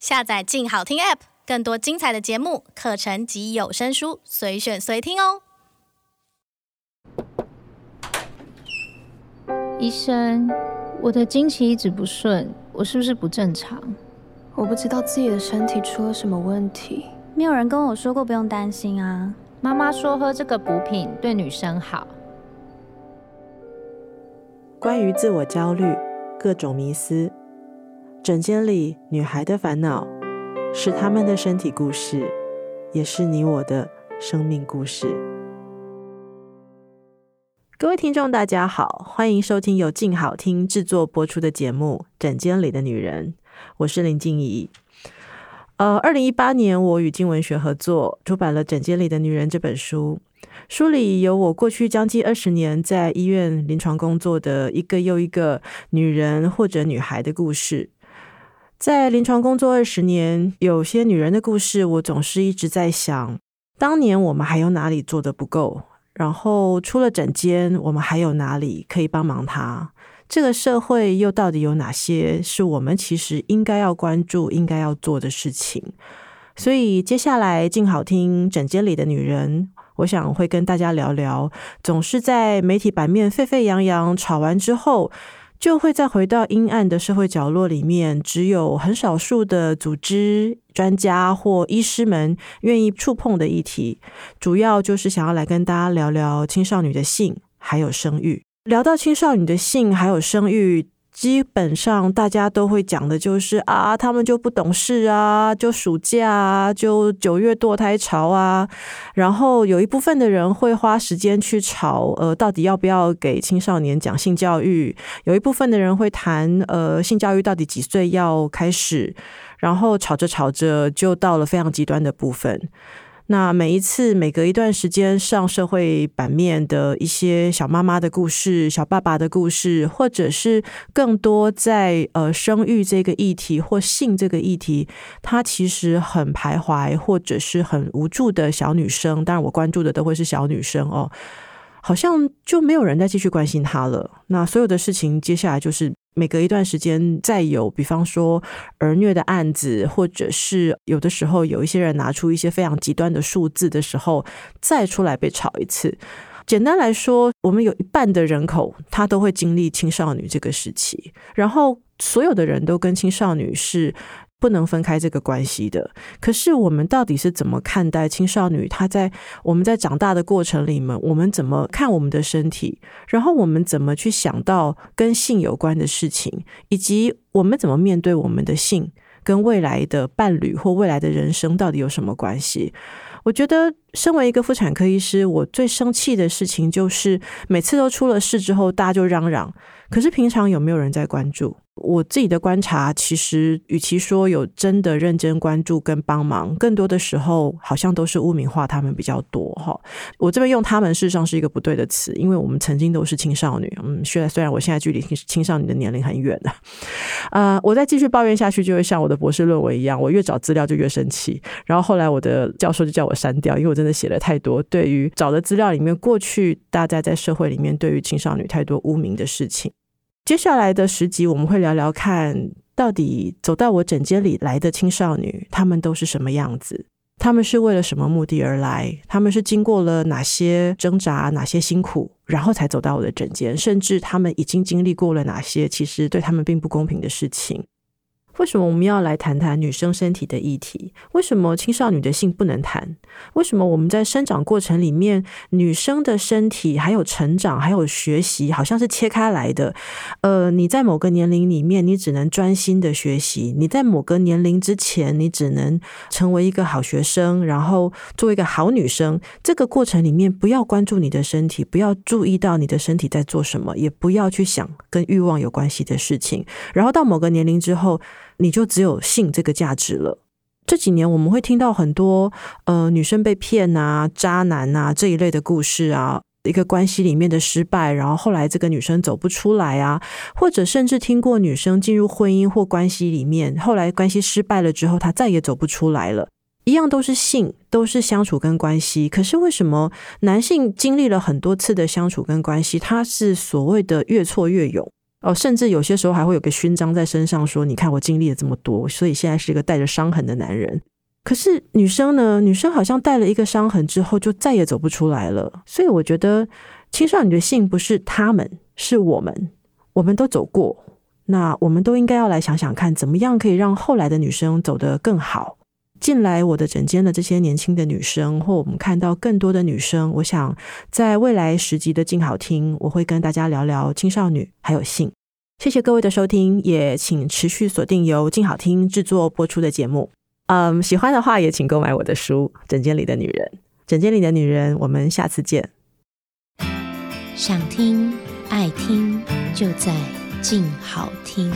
下載“靜好聽 ”App，更多精彩的節目、課程及有聲書，隨選隨聽哦。醫生，我的經期一直不順，我是不是不正常？我不知道自己的身體出了什麼問題。沒有人跟我說過不用擔心啊。媽媽說喝這個補品對女生好。關於自我焦慮，各種迷思。診間裡女孩的煩惱，是他們的身體故事，也是你我的生命故事。各位聽眾，大家好，歡迎收聽由鏡好聽制作播出的節目《診間裡的女人》，我是林靜儀。呃，二零一八年，我與鏡文學合作出版了《診間裡的女人》這本書，書裡有我過去將近二十年在醫院臨床工作的一個又一個女人或者女孩的故事。在臨床工作二十年，有些女人的故事，我總是一直在想，當年我們還有哪裡做得不夠？然後出了診間，我們還有哪裡可以幫忙她？她這個社會又到底有哪些是我們其實應該要關注、應該要做的事情？所以接下來靜好聽診間裡的女人，我想會跟大家聊聊，總是在媒體版面沸沸揚揚吵完之後，就會再回到陰暗的社會角落裡面，只有很少數的組織、專家或醫師們願意觸碰的議題，主要就是想要來跟大家聊聊青少女的性還有生育。聊到青少女的性還有生育。基本上，大家都會講的就是啊，他們就不懂事啊，就暑假啊，就九月墮胎潮啊。然後有一部分的人會花時間去吵，呃，到底要不要給青少年講性教育？有一部分的人會談，呃，性教育到底幾歲要開始，然後吵着吵着就到了非常極端的部分。那每一次每隔一段時間上社會版面的一些小媽媽的故事、小爸爸的故事，或者是更多在呃生育這個議題或性這個議題，她其實很徘徊或者是很無助的小女生，當然我關注的都會是小女生哦，好像就沒有人再繼續關心她了。那所有的事情接下來就是。每隔一段時間，再有，比方說兒虐的案子，或者是有的時候有一些人拿出一些非常極端的數字的時候，再出來被炒一次。簡單來說，我們有一半的人口，他都會經歷青少女這個時期，然後所有的人都跟青少女是。不能分開這個關係的。可是我們到底是怎麼看待青少女？她在我們在長大的過程裡面，我們怎麼看我們的身體？然後我們怎麼去想到跟性有關的事情？以及我們怎麼面對我們的性？跟未來的伴侶或未來的人生到底有什麼關係？我覺得身為一個婦產科醫師，我最生氣的事情就是每次都出了事之後，大家就嚷嚷。可是平常有沒有人在關注？我自己的觀察，其實與其說有真的認真關注跟幫忙，更多的時候好像都是污名化他們比較多哈。我這邊用“他們”事實上是一個不對的詞，因為我們曾經都是青少女。嗯，雖然雖然我現在距離青青少女的年齡很遠了，呃、啊，我再繼續抱怨下去就會像我的博士論文一樣，我越找資料就越生氣，然後後來我的教授就叫我刪掉，因為我真的寫了太多對於找的資料裡面，過去大家在，在社會裡面對於青少女太多污名的事情。接下來的十集，我們會聊聊看到底走到我診間裡來的青少女，她們都是什麼樣子？她們是為了什麼目的而來？她們是經過了哪些掙扎、哪些辛苦，然後才走到我的診間？甚至她們已經經歷過了哪些其實對她們並不公平的事情？為什麼我們要來談談女生身體的議題？為什麼青少女的性不能談？為什麼我們在生長過程裡面，女生的身體還有成長還有學習，好像是切開來的？呃，你在某個年齡裡面，你只能專心的學習；你在某個年齡之前，你只能成為一個好學生，然後做一個好女生。這個過程裡面，不要關注你的身體，不要注意到你的身體在做什麼，也不要去想跟慾望有關係的事情。然後到某個年齡之後。你就只有性這個價值了。這幾年我們會聽到很多呃女生被騙啊、渣男啊這一類的故事啊，一個關係裡面的失敗，然後後來這個女生走不出來啊，或者甚至聽過女生進入婚姻或關係裡面，後來關係失敗了之後，她再也走不出來了。一樣都是性，都是相處跟關係，可是為什麼男性經歷了很多次的相處跟關係，他是所謂的越挫越勇？哦，甚至有些時候還會有個勳章在身上，說：“你看我經歷了這麼多，所以現在是一個帶着傷痕的男人。”可是女生呢？女生好像帶了一個傷痕之後，就再也走不出來了。所以我覺得，青少女的性不是他們，是我們，我們都走過，那我們都應該要來想想看，怎麼樣可以讓後來的女生走得更好。進來我的診間的這些年輕的女生，或我們看到更多的女生，我想在未來十集的靜好聽，我會跟大家聊聊青少女還有性。謝謝各位的收聽，也請持續鎖定由靜好聽製作播出的節目。嗯、um，喜歡的話也請購買我的書《診間裡的女人》。診間裡的女人，我們下次見。想聽愛聽，就在靜好聽。